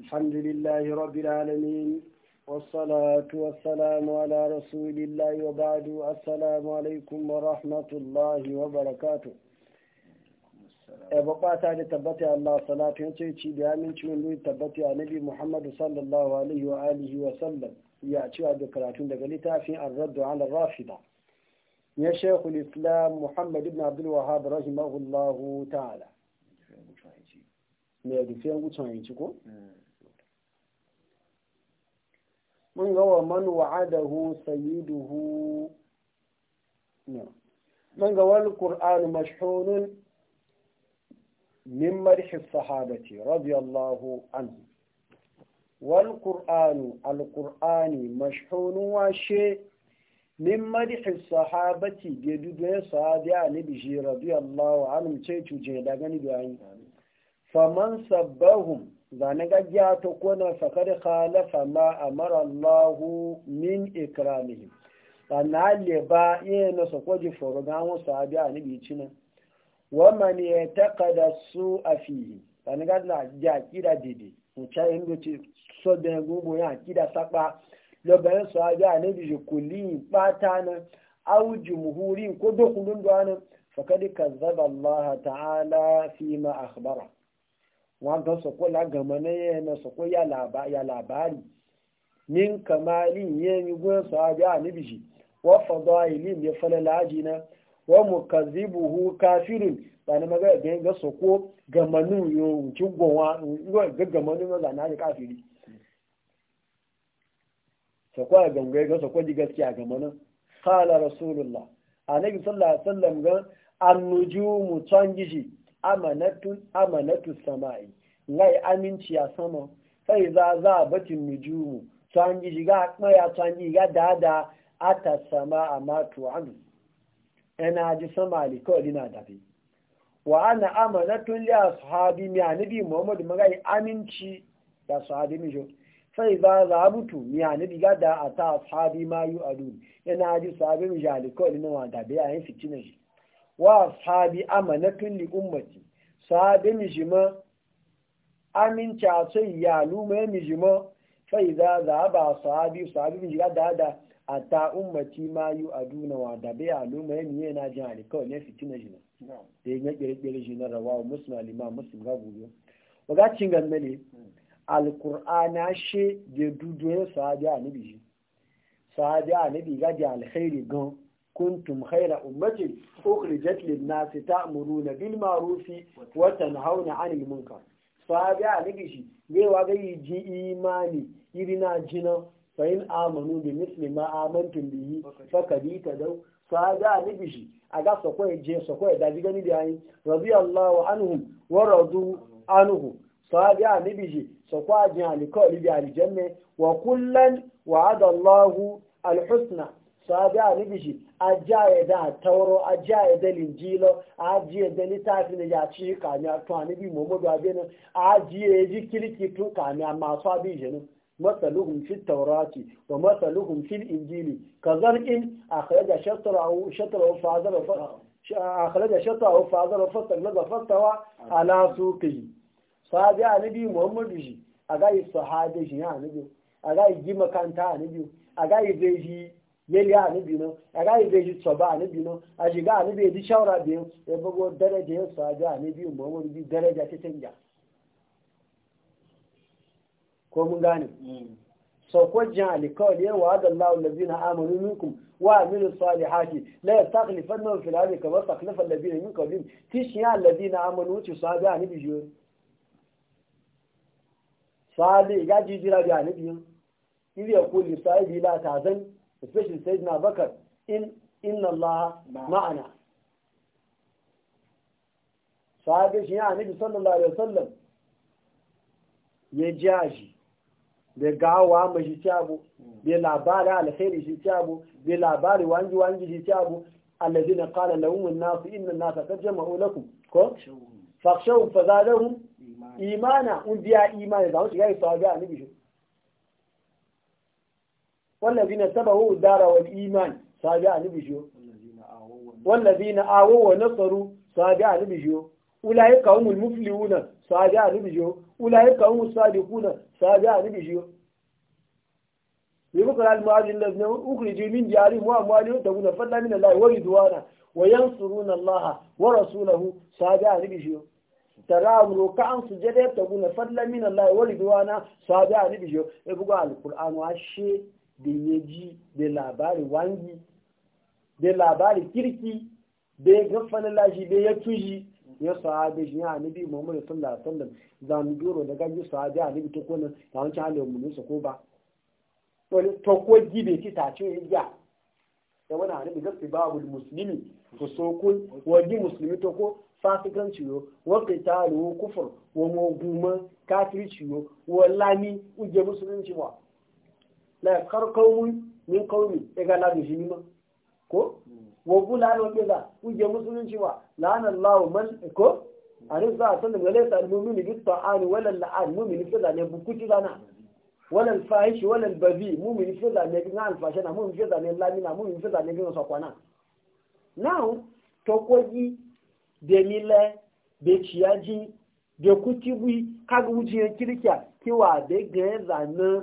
الحمد لله رب العالمين والصلاة والسلام على رسول الله وبعد السلام عليكم ورحمة الله وبركاته أبقى تعالى تبتي الله صلاة ينسي تشيدها من شمالوي تبتي على نبي محمد صلى الله عليه وآله وسلم يأتي عبد الكراتون دقلتا في الرد على الرافضة يا شيخ الإسلام محمد بن عبد الوهاب رحمه الله تعالى mai rufe wucin yanci ko? mun ga wa man wa'adahu sayyiduhu no mun ga wal qur'an mashhunun min madh as-sahabati radiyallahu anhu wal qur'an al kur'ani mashhunun wa she min madh as-sahabati gedu da sahabi annabi shi radiyallahu anhu ce tuje daga ni da faman sabbahum zane gajiya ta kona fakar khalafa ma amara Allahu min ikramihim sana le ba iya na sokoji foro ga wọn sahabi a nabi cina wa man yataqada su a fili ga na ja kida dede mu cha yin do ti so de gugu ya kida sapa lo su yin a nabi je kulli pata na auji jumhuri ko do kulun fakadi ana fakad kazzaba Allah ta'ala fi ma akhbara wọn gan sọ̀kọ́ lágàmọ náà ẹ̀nà sọ̀kọ́ yà làbárì ní kàmáàlì yẹn ní gbọ́n sọ abẹ́ àníbìjì wọ́n fọ̀dọ̀ ilé ìgbé fẹ́lẹ́ láàjì náà wọ́n mú kàzíbù hu káfírin tani maga ẹ̀gbẹ́ gan sọ̀kọ́ gàmọ́nù yóò tí gùn wọn yóò ẹ̀gbẹ́ gàmọ́nù yóò zà náà ní káfírí sọ̀kọ́ àgàmọ́ gan sọ̀kọ́ di gaskiya gàmọ́ náà kala rasulullah anabi sallallahu alaihi wasallam gan annujumu tangiji amanatu sama'i ngai aminci ya sama sai za za batin nujumu tsangi jiga maya tsangi ga dada ata sama amatu an ina ji sama alikoli na dafi wa ana amanatun li ashabi mi anabi muhammad magai aminci da sahabi mi jo sai za za mutu mi anabi ga ta ata ashabi mayu yu adun ina ji sahabi mi jalikoli na dabi ayin fitina shi wa sa'bi amanatun li ummati sabi mijima aminci a sai ya lume mijima fa za za ba sa'bi sahabi mijima da da a ta ummati ma yi a wa da bai yalu mai miye na jin alikawai ne fitina jina da yi na kirkiri jina rawa musulman liman musulman gabuwa waga cingan mele alqur'ana she da dudu sa'bi sahabi a nabi shi sahabi a nabi ga da alkhairi gan كنتم خير أمة أخرجت للناس تأمرون بالمعروف وتنهون عن المنكر فابع نقشي غير وغي جي إيماني يرنا جنا فإن آمنوا بمثل ما آمنتم به فكدي تدو فابع نقشي أغا سقوي جي سقوي دادغاني دعين رضي الله عنهم ورضو عنهم فابع نقشي سقوي جي لكو لبي على الجنة وكلا وعد الله الحسنى فابع نقشي ajaye da tauro ajaye da linjilo ajiye da littafi da ya ci kami a tuwa nabi muhammadu abinu ajiye ya ji kirki tun kami a masu abin jinin masaluhun fil taurati wa masaluhun fil injili ka zar'in a kharaja shatarahu fazara akhraja shatahu fa azara fastaghlaza fastawa ala suqi sahabi annabi muhammadu shi agai sahabi shi ya annabi zai yeli a hmm. ni bino a ga ibe ji tsoba a ni bino a ji ga a ni bai ji shawara biyu ya bugo daraja ya sa ga a ni biyu ba wani bi daraja ta canja ko mun gane so ko jan alikawal yan wa da Allah allazina amanu minkum wa amilu salihati la yastakhlifanna fil ardi kama stakhlafa allazina min qablihim ya allazina amanu ci sa ga a ni biyo sali ga ji jira ga a ni kulle ili yaqulu sahibi la zan especially Sayyidina Bakar in inna Allah ma'ana sahabe shi ya nabi sallallahu alaihi wasallam ya jaji da gawa ma shi tabo da labari alkhairi shi tabo da labari wanji wanji shi tabo alladhina qala lahum an-nas inna an nas qad jama'u lakum ko fakhshaw fazadahum imana un biya imani da wuce ya yi sahabe a nabi shi wannan zina saba hu dara wal iman sabi a nubi shiyo wannan zina awo nasaru sabi a nubi shiyo ulayi kawun mufli wuna sabi a kawun sabi kuna sabi a nubi shiyo yabu kala almuwaji ta guna fadla allah wa rasulahu sabi a nubi shiyo tara amuru ka an ta guna fadla min allahi wa riduwana sabi a nubi shiyo yabu da ya ji da labari wangi da labari kirki da ya gafanin laji, da ya tuji ya sahabe shi ya nabi muhammad sallallahu alaihi wasallam za mu doro da gaji sahabe a nabi tukuna da wancan halin mu nusa ko ba to ko gibe ci ta ce ya da wani hadisi gaske babu so fusukun wani musulmi to ko fasikan ciwo wa qitalu kufur wa muguma kafir wani wa lani uje musulunci ba. la yakar qaumun min qaumi e ga la dushi ma ko wa kula no be da ku je musulunci wa la'ana Allahu man ko ani za san da laysa al-mu'minu bi ta'ani wala al-la'an mu'minu fi da ne bukuci zana wala al-fahish wala al-babi mu'minu fi da ne ga na fashana mu'minu fi da ne lamina mu'minu fi da ne ga sakwana now to koji de mile de chiaji de kaga kaguji kirkiya kiwa de gaza na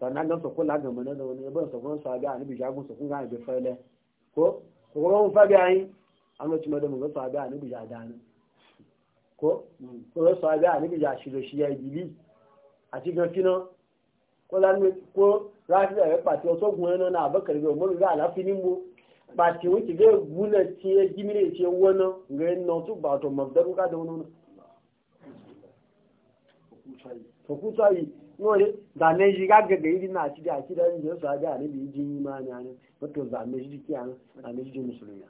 sannan don sokun lagan mana da wani yabon sokun su abi a nabi jagun sokun ga abi fele ko sokun mun fabi ayi an lo cima da mun ga su abi a nabi jadani ko ko su abi a nabi jashiro shi ya ibili a cikin kino ko lan ko rafi da ya pati o sogun yana na abakar ga mun ga alafi ni mu pati wuce ga guna ce gimire ce wono ga no tu ba to mabdaru ka da wono ko ku sai nwere zane shi gaga ga yi na shi da shi da yin su haɗe a nabi iji n'ime anya anya nan wato zane shi jiki a nan zane shi jin musulmi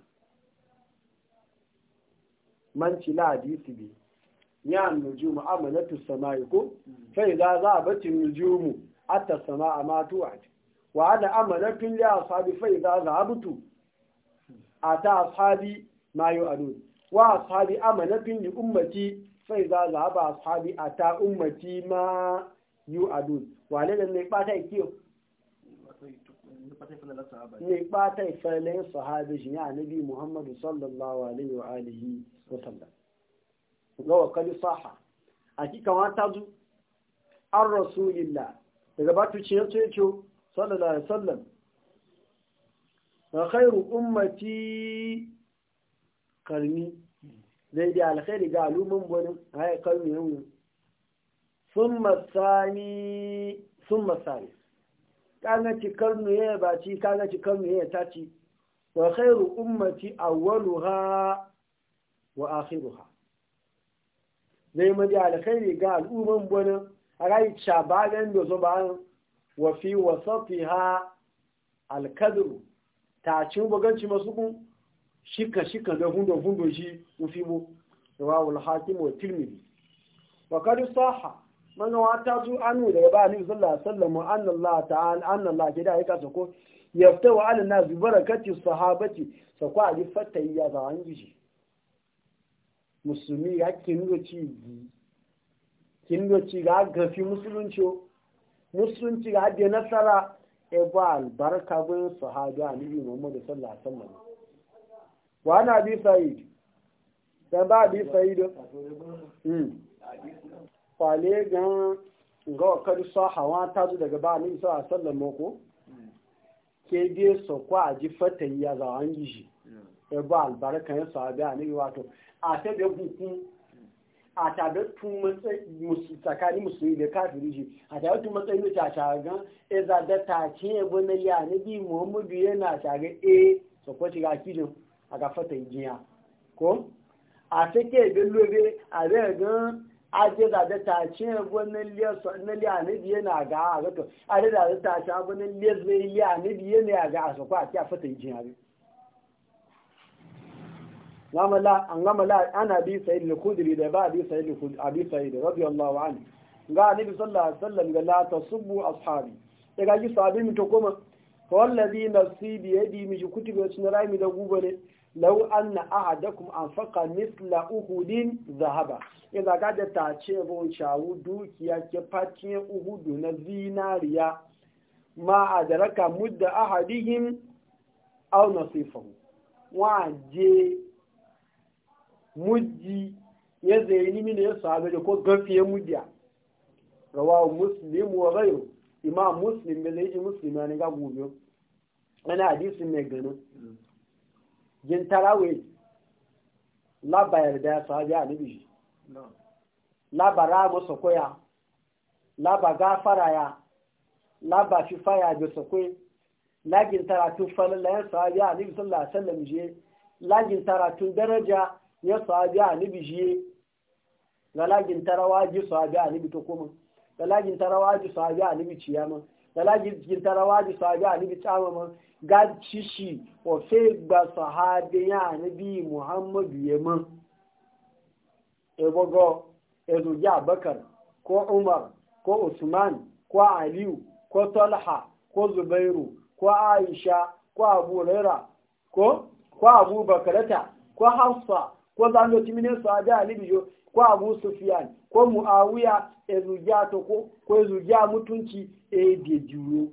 man ci la hadisi bi ya nujumu sama samai ko sai za za a bacin mu atta sama a matu a wa ana amanatun li ashabi za za abutu ata asabi ma yu'adun wa ashabi amanatun li ummati za za zahaba asabi ata ummati ma yu adun wale da ne kpata ikiyo e ne kpata ifalayin e sahabi shi ya nabi muhammadu sallallahu alaihi wa alihi wa sallam ga wakali saha a kika wata zu an rasulillah daga batu ce ya ce sallallahu alaihi wa sallam khairu ummati karni zai da alkhairi ga alumun bonin haya karni yawon sun masani sun karnu ya ba ci kaga karnu ya ta ci wa khairu ummati awwaluha wa akhiruha zai madi alkhairi ga al'umman bonin a rai shabagan da zo bayan wa fi ha alkadru ta ci buganci masu kun shika shika da hundo hundo shi ufibo rawul hakim wa tirmidhi wa kadu saha manzo wa ta zu anu da ba ni sallallahu alaihi wasallam anna Allah ta'ala anna Allah ke da aika sako yaftahu ala nas bi barakati sahabati sako ali yi ya za an gishi musulmi ya kindo ci ga gafi musulunci musulunci ga da nasara e ba albarka bin sahabi annabi Muhammad sallallahu alaihi wasallam wa ana bi sa'id dan ba bi sa'id hmm. kwale gan ga wakar sa hawa ta zo daga ba ni sa sallan mako ke biye so kwa ji fata ya za an yi shi e ba albarka ya sa ga ni wato a ta be hukun a ta da tun musu tsakani musulmi da kafiri shi a ta da tun matsayi ta ta ga e za da ta ce e bo na ya ni bi muhammadu yana ta ga e so ko ci ga kijin a ga fata ko a ta ke ga lobe a ga gan ake zaɓe ta ce wani liya na biye na ga a gato a da da ta ce wani liya zai liya na biye na ga a sakwa a kya fata yi jiyari an gamala ana bi sayi da kudiri da ba bi sayi da abi sayi da rabi Allah wa an ga nabi bi alaihi wasallam ga la tasubbu ashabi daga ji sabi mi to kuma wallazi nafsi bi yadi mi ji kutubi sunan rami da gubale lau an na ahadakum an faka misla uhudin zahaba ina ga da ta ce bon shawu dukiya ke fatin uhudu na zinariya ma a da raka mudda ahadihim au nasifahu wa je mujji ya zai ni mini ya sabe da ko gafiye muddiya rawahu muslim wa ghayru imam muslim bai ji muslim ne ga gobe Wani hadisin mai ganin yin tarawe labayar da ya sahabi a nabi labara masa koya laba gafara ya laba shi faya da sakwai lagin taratun la ya sahabi a nabi sallallahu alaihi wasallam je lagin taratun daraja ya sahabi a nabi je ga lagin tarawa ji sahabi a nabi to kuma ga lagin tarawa ji sahabi a nabi ciyama ga lagin tarawa ji sahabi a nabi tsamama gaci shi ofe gba sahabi ya nabi muhammadu yaman ebogo ezogi abakar ko umar ko usman ko aliyu ko talha ko zubairu ko aisha ko abu ko ko abu Bakrata, ko hafsa ko zanoci minin sahabi alibiyo ko abu sufiyan ko mu'awiya ezogi to ko ezogi mutunci e de juro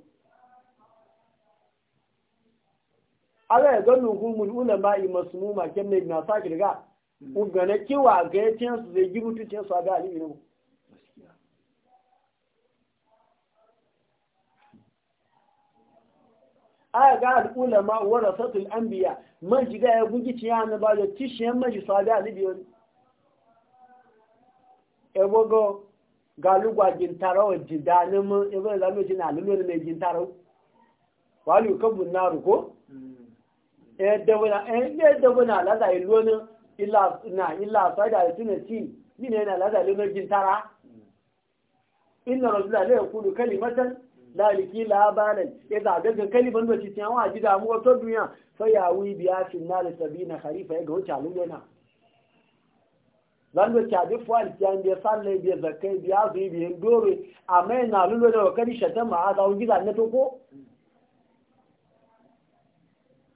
Allah ya gano hukumul ulama yi masmuma kenne na saki daga hmm. ugana kiwa ga yacin su zai gibu tuce su ga alimi ne aya ga al'ulama warasatul anbiya man shiga ya gugi ciya na ba da tishiyan man shi su ga alimi ne ebogo galugwa gintarawa jidanin mun ebe zamu jina alimi ne gintarawa wali kabun naru ko hmm. ɗaya dabuna laza ilonin na illa sada da tuna ci yin na laza ilonin gintara inna rasula la yakulu kalimatan la liki labaran ya zaga ga kaliman a cikin wa ji damuwa ta duniya fa ya wi biya fin na da sabina kharifa ya ga wuce alulona zan da ta bi fa alkiyan da sallai biya zakai biya zai biyan dore amma yana alulona wa kari shatan ma a zawo gida na to ko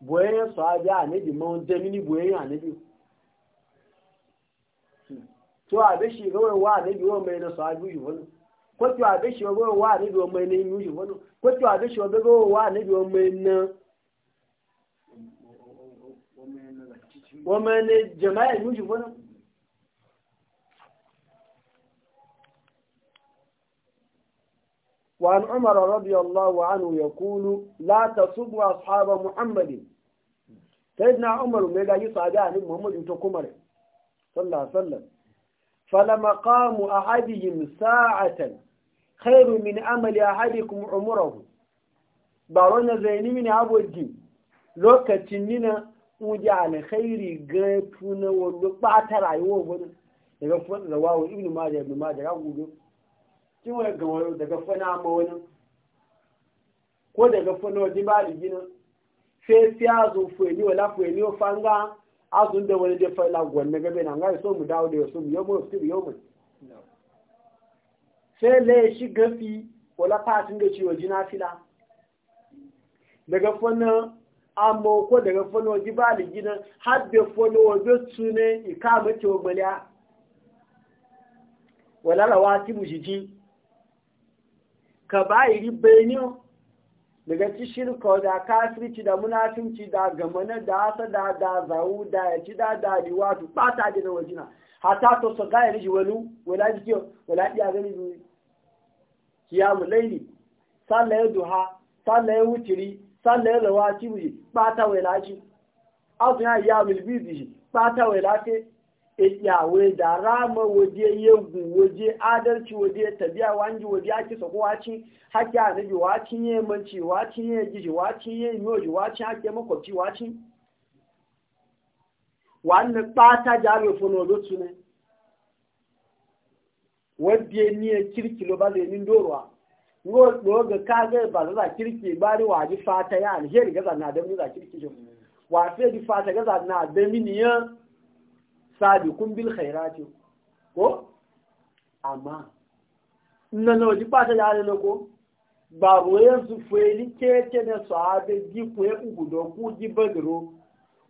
boyen sahabi annabi mun da mini boyen annabi to a da shi ga wa annabi wa mai na sahabi yi wani ko to a shi ga wa annabi wa mai na yi wani ko to a shi ga wa annabi wa mai na wa mai na jama'a yi وعن عمر رضي الله عنه يقول لا تصبوا أصحاب محمد سيدنا عمر ميغا يصعد عن محمد انتو كمر صلى الله عليه وسلم فلمقام أحدهم ساعة خير من أمل أحدكم عمره بارونا زيني من أبو الدين لوكتنين uji alkhairi ga tuna wallo ba ta rayuwa wani daga rawawo ibnu majah ibnu majah ga gudu cewa ga wani daga fana ma wani ko daga fana wani ba da gina sai fi a zo fuyani wala fuyani wa fanga a zo da wani da fana gwan na gabe na nga so mu dawo da yasu yau mai su yau mai sai laye shi gafi wala fatin da ciwo jina fila daga fana amma ko daga fana wani ba da gina har da fana wani su ne ika mace wa maliya wala rawati mujiji ka bayiri benin daga ci shirka da kafirci da munafinci da gamana da asa da zawu da ya ci da dariwa su bata da na wajina hata to su gaya riji wani wala jiki wala iya gani zuwa kiyamu laili ya duha sallaye ya sallaye lawaci bata wai laci azu ya yi ya mulbi bata wai lafi wai da rama waje yegu waje adalci waje tabiya wanji waje ake sako haƙƙi haki nabi waci ne manci waci ne giji waci ne yoji waci haki makwabci waci wannan bata jami'a fono lotu ne wadda kirki lo ba zai nin doruwa ga kaga ba za kirki ba ni waji fata ya alheri gaza na da mu za kirki shi mm. wa sai di fata gaza na da ya? sabiqun bil khairati ko amma nan no jipa ta yare loko babu yanzu feli keke da sahabe ji ku ya ugudo ku ji bagro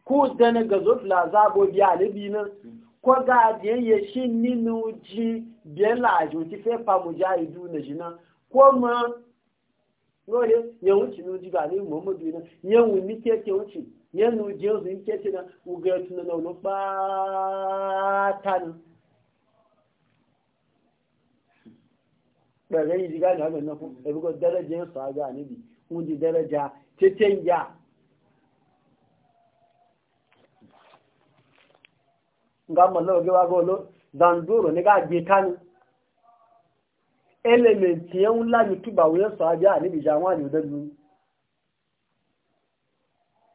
ku dana gazo plaza bo bi alibi ko ga je ye shin ninu ji ti fe pa mu ja idu na jina ko muhammadu yẹnu jẹ́ oṣù ní kẹ́tì náà ugbẹ́ ẹ̀tún náà ló pàátá ni pẹ̀lú èyí ti gáàgà àgbẹ̀ náà fún ẹ̀rúkọ dẹ́rẹ́jẹ ń sọ àgbà níbi wọ́n di dẹ́rẹ́jà tètè ń yà nga mọ̀ lọ́wọ́ gẹ́wà gọ́ ló dandoro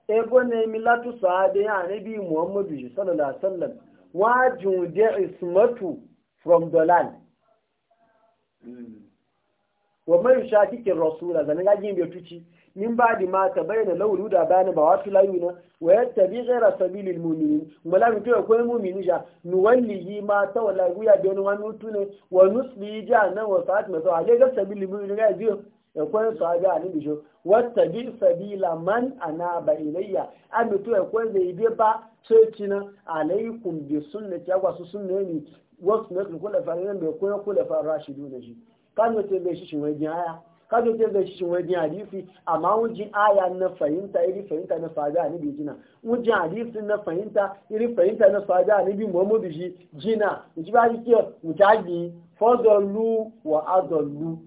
ebo ne mi latu sahabe ya nabi muhammadu sallallahu alaihi wasallam wajin de ismatu from dolal wa mai shakikin rasula zanen gajin bai tuci min ba di mata bayyana lauru da bayani ba wasu layu na wa ya tabi tsira sabilin mumini mala mutu ya ko mumini ja nu walli yi ma ta wala guya da wani wani mutu ne wa nusli ja nan wa sa'at masu a ga sabilin mumini ga biyu da kwan sahabi a nabi shi wata bi sabila man ana ba ilayya a mutu ya kwan zai bi ba ceci nan alaikum bi sunna ki agwa su sunna ne wasu na kula farin bai kuma kula farin rashidu da shi kan mutu zai shi shi wani aya kan mutu zai shi shi wani hadisi amma wujin aya na fahimta iri fahimta na sahabi a nabi jina wujin hadisi na fahimta iri fahimta na sahabi a nabi muhammadu shi jina mu ji ba shi ke mutaji fadalu wa adalu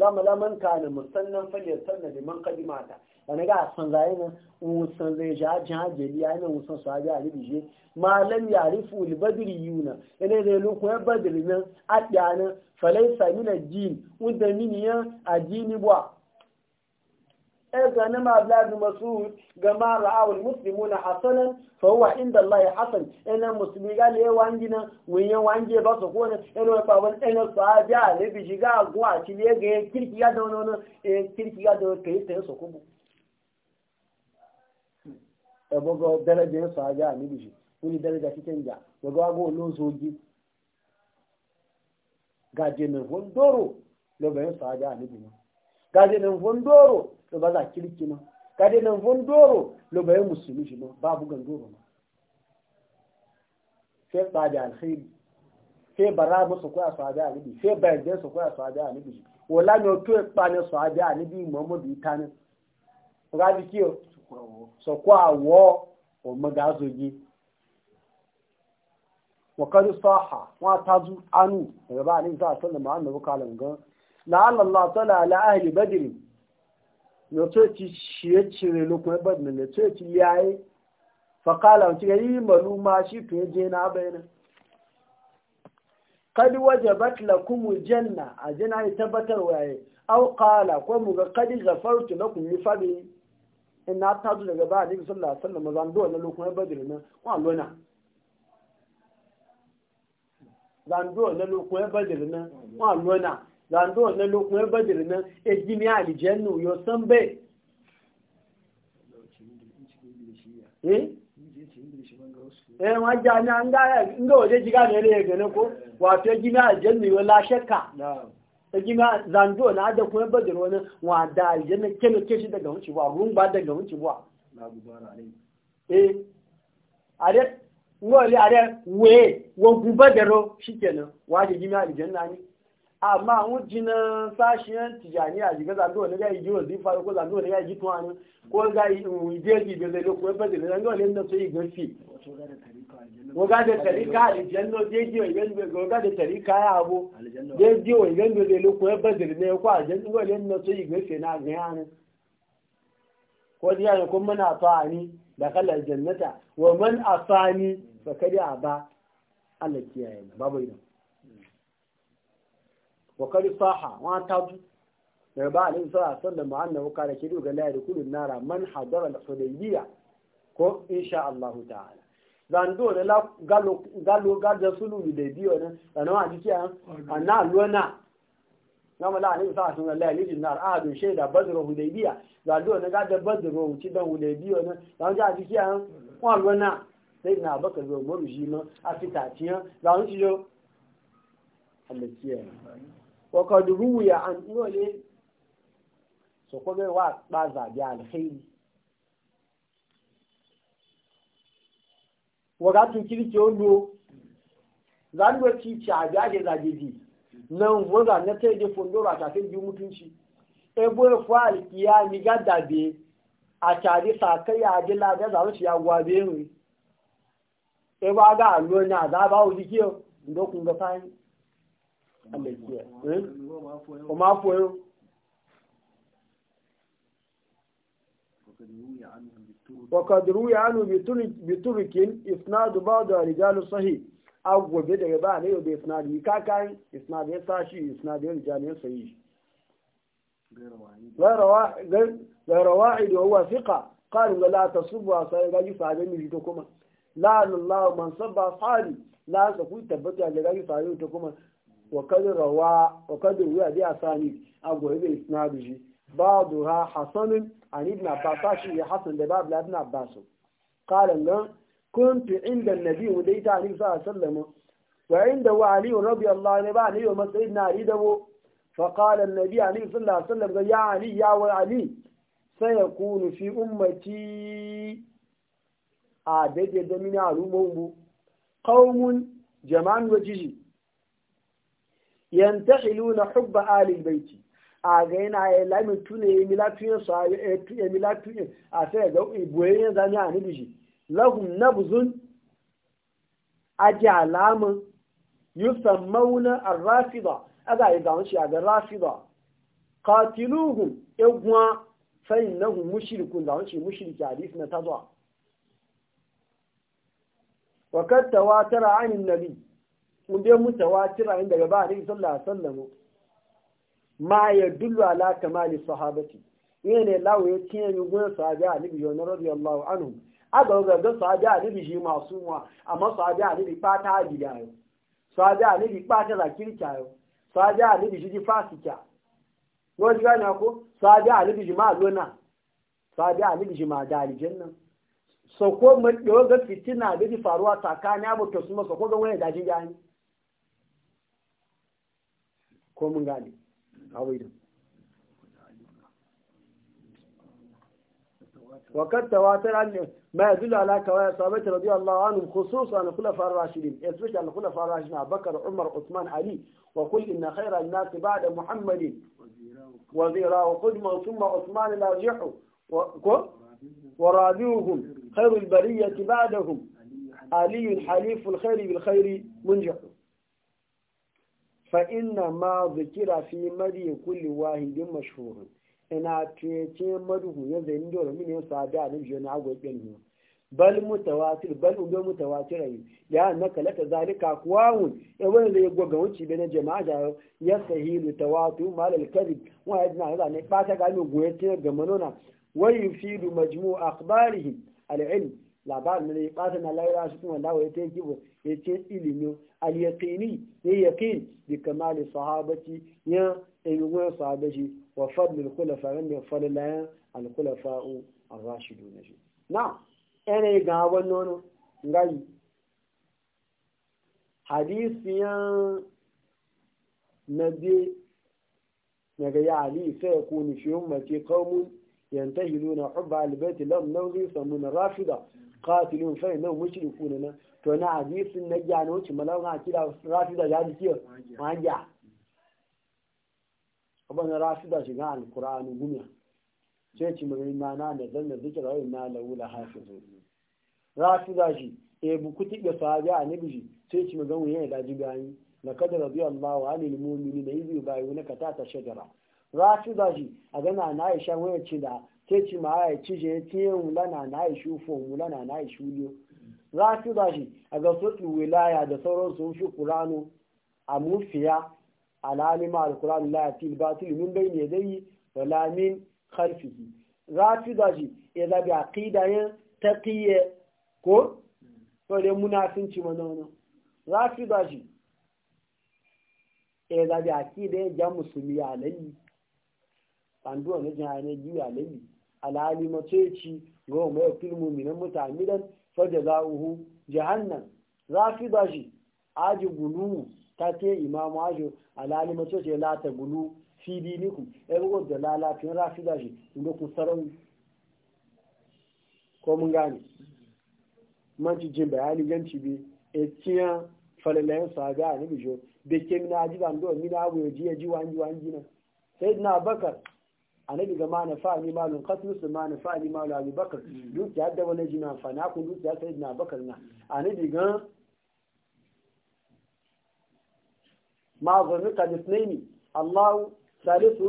ga malaman ka ne musannan faliyar sannan liman kadima ta wani ga san zai nan musan zai ja ja jeli ya nan musan su a ali bije malam ya rifu badiri yuna ene zai lu ko badri nan yi nan falai wadda mini ya a jini bwa اذن ما بلاد مسعود جماعة رأوا المسلمون حسنا فهو عند الله حسن انا المسلمين قال ايه وانجنا وين وانجي بس انا بابن انا أنا الصحابة اللي بيجي قاعد تلي جاي كل كيا دون دون كل كيا دون كيس تنسكوبه أبغى درجة الصحابة اللي بيجي كل درجه تتنجا canja daga wago زوجي zogi ga دورو لو بين bayan sa'ada a libya kaje nan vondoro lo ba za kirki nan kaje nan vondoro lo ba yi musulmi shi nan babu gandoro ma sai ba da alkhairi sai bara musu kuwa su hada alibi sai bayan su kuwa su hada alibi wala ne to pa ne su hada alibi muhammadu itanin ga bi kiyo so kwa wo o maga zogi wa kad saha wa tazu anu daga ba ni za a sallama annabi kalan gan la'alallah tala ala ahli badri na tsoci shiye cire lokacin e badri na tsoci yayi faƙala wacce ga yi maluma shi to ya e je na bayanin kadi waje batla kumu janna a jina ya tabbatar waye au kala ko mu ga kadi zafartu na kuma fabi ina ta daga ba da sallallahu alaihi wasallam zan dole lokacin e badri na wa lona zan dole lokacin badri na wa lona zando na lokacin badir e, nan ya gini alijannu yau san bai eh wọn jẹ́ ní ǹgá òjé jígá ní ẹlẹ́ ẹgbẹ̀rẹ́ kó alijannu yau láṣẹ́kà gini zando na kuma badir wani wọn da alijannu kẹ́lọ kẹ́ṣi daga wucewa rumba daga wucewa eh are wọ́n lè are wọ́n gúbẹ́ dẹ̀rọ ṣíkẹ̀ náà wà alijannu ne amma an jina sashiyan tijani a jiga zango wani ga iji wanzu faru ko zango wani ga iji tuwa ne ko ga ije ji da zai ko fasi da zango wani da so yi gafi waga da tarika aljanno jeji wa igan da waga da tarika ya abu jeji yi igan da zai lokacin fasi ne ko aljanno wani da so yi gafi na ga yana ko diya ne kuma na ta da kallar jannata wa man asani fa kadi aba Allah kiyaye babu idan وقد صاح واتاب نبا عليه الصلاة والسلام أنه قال كده قال لا يدخل النار من حضر الحديبية كو إن شاء الله تعالى zando da la galo galo gado sulu de dio ne ana wa dike an Na lona nama la ne sa sun la ne dinar ahadu shaida badr hudaybiya zando ne gado badr wuci dan hudaybiya ne dan ja dike an wa lona sai na baka zo mu jima afita tiyan zan ci yo Allah kiyaye وقد روي عن نولي سوكوغي وا بازا دي الخير وغاتو كيريكي اولو zan wa ci ci a gaje ji nan na e boye fa ya mi gadda a tare sa kai a dila da ya gwabe mu e ba ga na za ba u ndo kun ga fani Allah kiya eh o ma foyo وقد روي عنه بترك إسناد بعض الرجال صحيح agwa bai daga ba ne yau da isnadi yi kakan isnadi ya sashi isnadi ya rijali ya sayi gairawa ido wa fiqa qalu la tasubbu asai ga ji sabe mi to kuma la lallahu man sabba asali la ta ku tabbata ga ga ji sabe to kuma وقد روى وقد روى بأسانيد أبو هبه إسناده بعضها حسن عن ابن عباس حسن لباب لابن عباس قال لنا كنت عند النبي وديت عليه صلى الله عليه وسلم وعند علي رضي الله عنه علي ومسعدنا علي دو فقال النبي عليه صلى الله عليه وسلم يا علي يا علي سيكون في أمتي عدد يدمني على قوم جمعان وجيجي yantahiluna hubba alil baiti a ga yana ya lami tune ya milatu ya sa ya milatu ya a sai ga boye ya zani a nabi shi lahum nabzun aji alama yusammawna ar-rafida aga ya ga shi ga rafida zama shi hadis na tazwa wa anin nabi unde mutawatir ayin daga ba alaihi sallallahu alaihi wasallam ma ya dullu ala kamali sahabati yana lawo ya tiyan yugun sahabi alibi yana radiyallahu anhu aga ga ga sahabi alibi shi masu wa amma sahabi alibi fata adiya yo sahabi alibi fata zakirka yo sahabi alibi shi fasika Wani ji gane ko sahabi alibi shi ma lona sahabi alibi shi ma dalijan nan ko mai dawo ga fitina da ji faruwa tsakanin abu to su ma ko ga wani dajin gani ko mun gane awaidu وقد تواتر عن ما يدل على كوايا صحابه رضي الله عنهم خصوصا عن الخلفاء الراشدين يثبت عن الخلفاء الراشدين بكر عمر عثمان علي وقل إن خير الناس بعد محمد وزيراه وقدما ثم عثمان الأرجح ورابعهم خير البرية بعدهم علي حليف الخير بالخير منجح fa'inna ma zikira fi mari kulli wahidin mashhurun ina cece maduhu ya zai ndo da mini sa da ni jona na ɗin ne bal mutawatir bal ugo mutawatir ayi ya naka laka zalika kuwawun e wani zai goga wuce da na jama'a da ya sahilu tawatu mal al wa yadna da ne ba ta ga ni goye ce ga manona wa yufidu majmu' akhbarihim al ilm labarin ne ba ta na laira shi kuma lawa ya ce kibo ya ce ilimi اليقيني يقين بكمال صحابتي يا ايوان صحابتي وفضل الخلفاء من فضل الله الخلفاء الراشدون جي نعم انا يغاوا نونو غاي حديث يا نبي نبي علي سيكون في أمتي قوم ينتهلون حب على البيت لهم نوغي يسمون الرافضة قاتلون فإنهم مشركون to na hadisin na gya na wuce malawan akida rafida da jadi ma magiya abin na rafida da ga alkur'ani gumiya sai ci mai mana da zanna zikira rayu na laula hafi zai rafida da shi e kuti da sahabi a nabi shi sai ci mai gan wuyan da bayani na kada rabi Allah wa anil mu'mini da izi bayu na kata ta shajara rafida da shi a gana na aisha wayar ci da sai ci ma ya ci je tiyan wula na na aishu shufo wula na na yi liyo Za rafida shi a ga sotu wilaya da sauran su shi ƙuranu a mufiya alalima al-ƙuranu la yatil batil min bayni yadayhi wala za khalfihi rafida shi ya zabi aqida yin taqiyya ko to dai munafinci za wannan rafida shi ya zabi aqida yin jan musulmi alayhi bandu ne jahane ji alayhi alalima ce ci go mai filmu minan mutamidan fajaza'uhu jahannam ba shi aji gulu ta ce imamu aji alali mace ce la ta gulu fi dinikum ɗan da lalafin rafida shi inda ku tsaron ko mun manci jin bayani ganci bi e tiya falalayen saga ne bijo da ke mina ji ban do mina abu ya ji ya ji wanji wanji na sai na bakar annabi ga mana fa'ali ni malun qasmus mana fa ni malu abu bakar ya mm. da wani jina fa na kun ya sai na bakar na annabi ga ma zannuka da sunaini Allah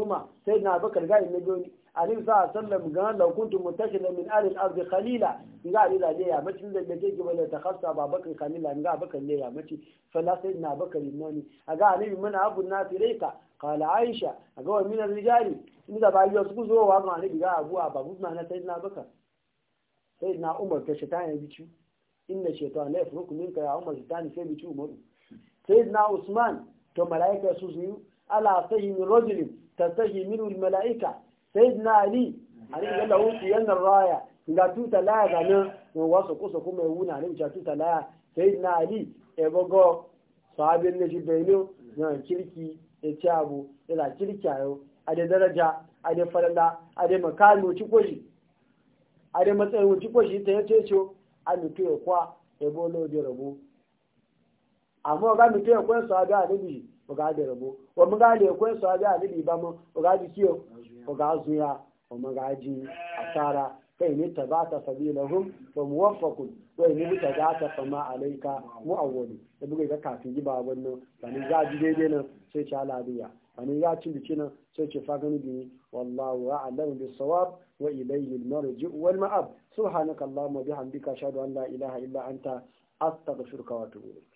ma sai na bakar ga inna joni alim sa sallam ga law kuntum muttashila min ahli al-ardi khalila ga ni da ya mace da da ke wala ta khassa bakar kamila ga bakar ne ya mace la sai na bakar imani aga annabi mana abu na tireka قال aisha aga wa الرجال sun da bayan su zo wa ma ne biga abu a babu ma na sayyidina bakar sayyidina umar ka shaitan ya bici inna shaitan la yafruku minka ya umar shaitan sai bici umar sayyidina usman to malaika su zuyu ala sahi min rajulin tasahi min al malaika sayyidina ali ali ga lahu yan raya ga tuta laya ga nan wasu kusa kuma ya wuna ne ga tuta laya sayyidina ali e bogo sahabin ne shi bayinu na kirki e ci abu ila kirki ayo Ade daraja ade falala, ade a da makami wuci matsayin wuci kwashi ta yace ce a mutu ya kwa ya bolo da rabo amma ga mutu ya kwa su aga alibi ba ga da rabu wa mun ga ade ya sa ga ade bi ba mu ba ga ji kiyo ga zuya wa mun ga ji asara kai ne ta ba ta sabilahum wa muwaffaqun wa in muta za ta fama alaika mu'awwali da buga ga kafin ji ba wannan ba ni za ji daidai nan sai ta lafiya ani ya ci biki nan sai ce fa gani bi wallahu a'lam bis sawab wa ilayhi al marji wal ma'ab allahumma bihamdika ashhadu an la ilaha illa anta astaghfiruka wa atubu ilayk